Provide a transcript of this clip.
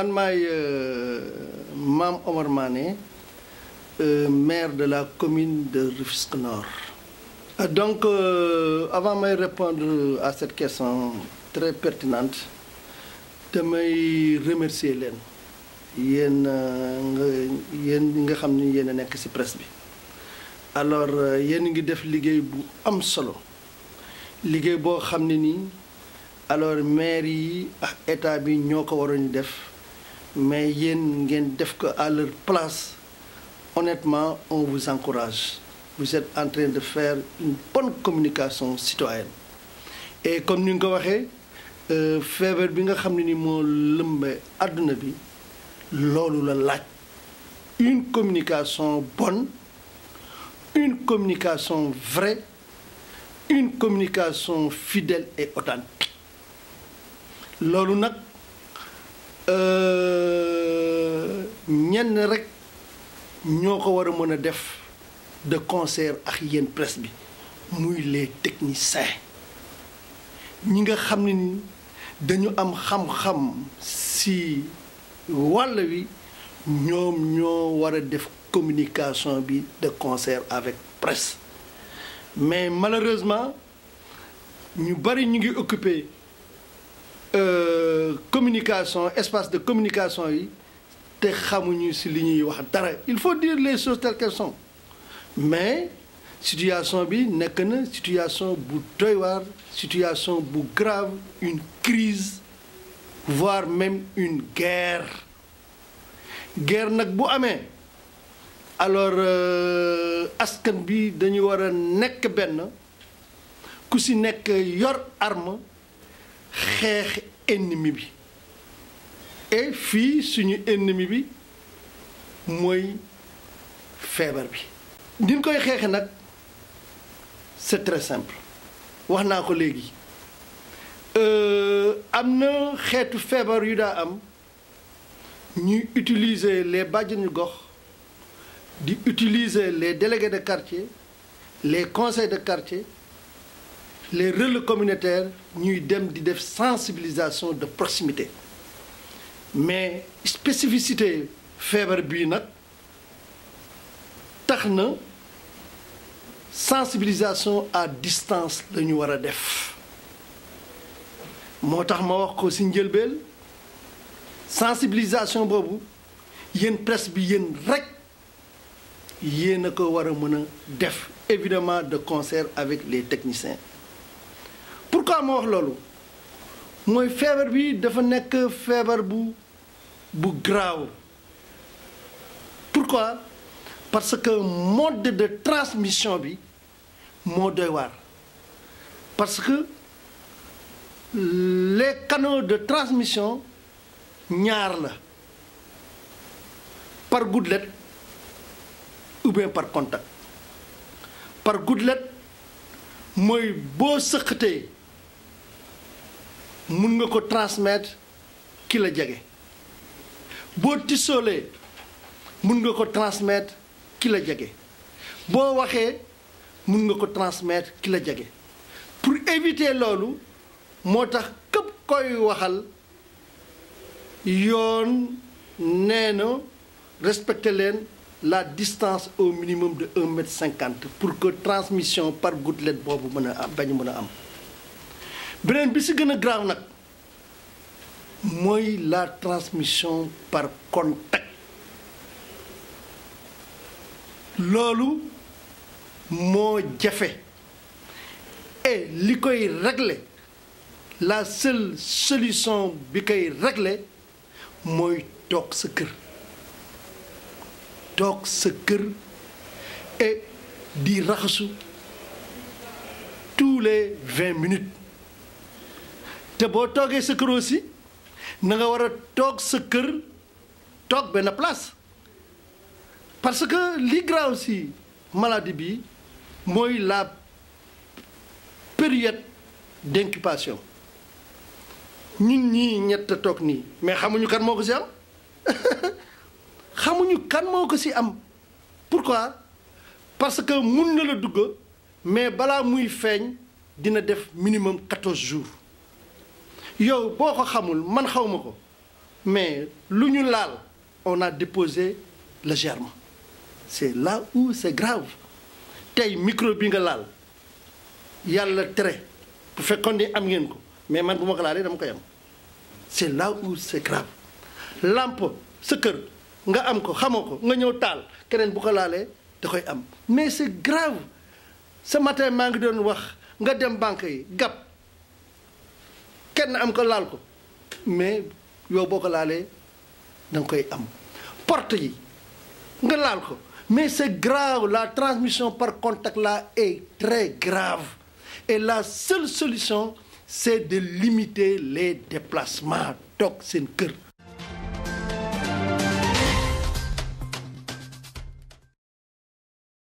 man maay euh, Mam Omar Mané euh, maire de la commune de Rufisque Nord. Euh, donc avant de répondre à cette question très pertinente damay remercier leen yéen nga yéen nga xam ni yéen ci presse bi alors yéen ngi def un bu am solo liggéey boo xam ne nii alors maire yi ak état bi ñoo ko def mais yen ngeen def ko à leur place honnêtement on vous encourage vous êtes en train de faire une bonne communication citoyenne et comme nous nga ko euh, bi nga xamni ni la une communication bonne une communication vraie une communication fidèle et authentique euh, ñenn rek ñoo ko war def de concert ak yéen presse bi muy les techniciens ñi nga xam ne ni dañu am xam-xam si wàll wi ñoom ñoo war def communication bi de concert avec presse mais malheureusement ñu bari ñu ngi occupé. Euh, communication espace de communication il faut dire les choses telles qu'elles sont mais situation situation bu situation grave une crise voire même une guerre guerre n'est pas amen. alors euh, askan bi a ben yor arme ennemi et puis, suñu ennemi bi moy feebar bi niñ koy xexé nak c'est très simple waxna ko légui euh amna xétu feebar yu da am ñuy utiliser les bàjjenu gox di utiliser les délégués de quartier les conseils de quartier les rôles communautaires ñuy dem di def sensibilisation de proximité mais spécificité fièvre bi nak c'est la sensibilisation à distance de wara def motax ma wax ko ci sensibilisation boobu yéen presse bi yéen rek yéen ko y a def évidemment de concert avec les techniciens pourquoi ma wax ça moy ne bi dafa nek feebar bu bu grave pourquoi parce que mode de transmission bi mode doy parce que les canaux de transmission ñaar la par gouttelette ou bien par contact par gouttelette moy boo secrétaire mun nga ko transmettre ki la jege boo tisoolee mun nga ko transmettre ki la jege bo waxé mun nga ko transmettre ki la jege pour éviter lolu motax kep koy waxal yoon nee respecter la distance au minimum de un mètre cinquante pour que transmission par gouttelette bobu meuna am bañ meuna am beneen bi si gën grave c'est la transmission par contact loolu j'ai fait. et li koy réglé, la seule solution bi koy régler c'est toog sa kër toog et di raxasu tous les 20 minutes te bo toge sa kër aussi na nga wara tok toog sa kër toog place parce que li grave si maladie bi moy la période d'incubation nit ñi ñett tok ni mais xamuñu kan moko ci si am xamuñu kan moko ci am pourquoi parce que mën na la dugg mais bala muy feñ dina def minimum 14 jours yow boko xamul man xawmako mais luñu laal on a déposé le germe c'est là où c'est grave tay micro bi nga laal yalla tere bu fekkoon ni am ngeen ko mais man buma ko laalee dama koy am c'est là où c'est grave lampe ce cœur nga am ko xamoko nga ñew taal keneen bu ko laalee da koy am mais c'est grave ce matin ma ngi doon wax nga dem banque yi gap mais mais c'est grave la transmission par contact là est très grave et la seule solution c'est de limiter les déplacements toxiques.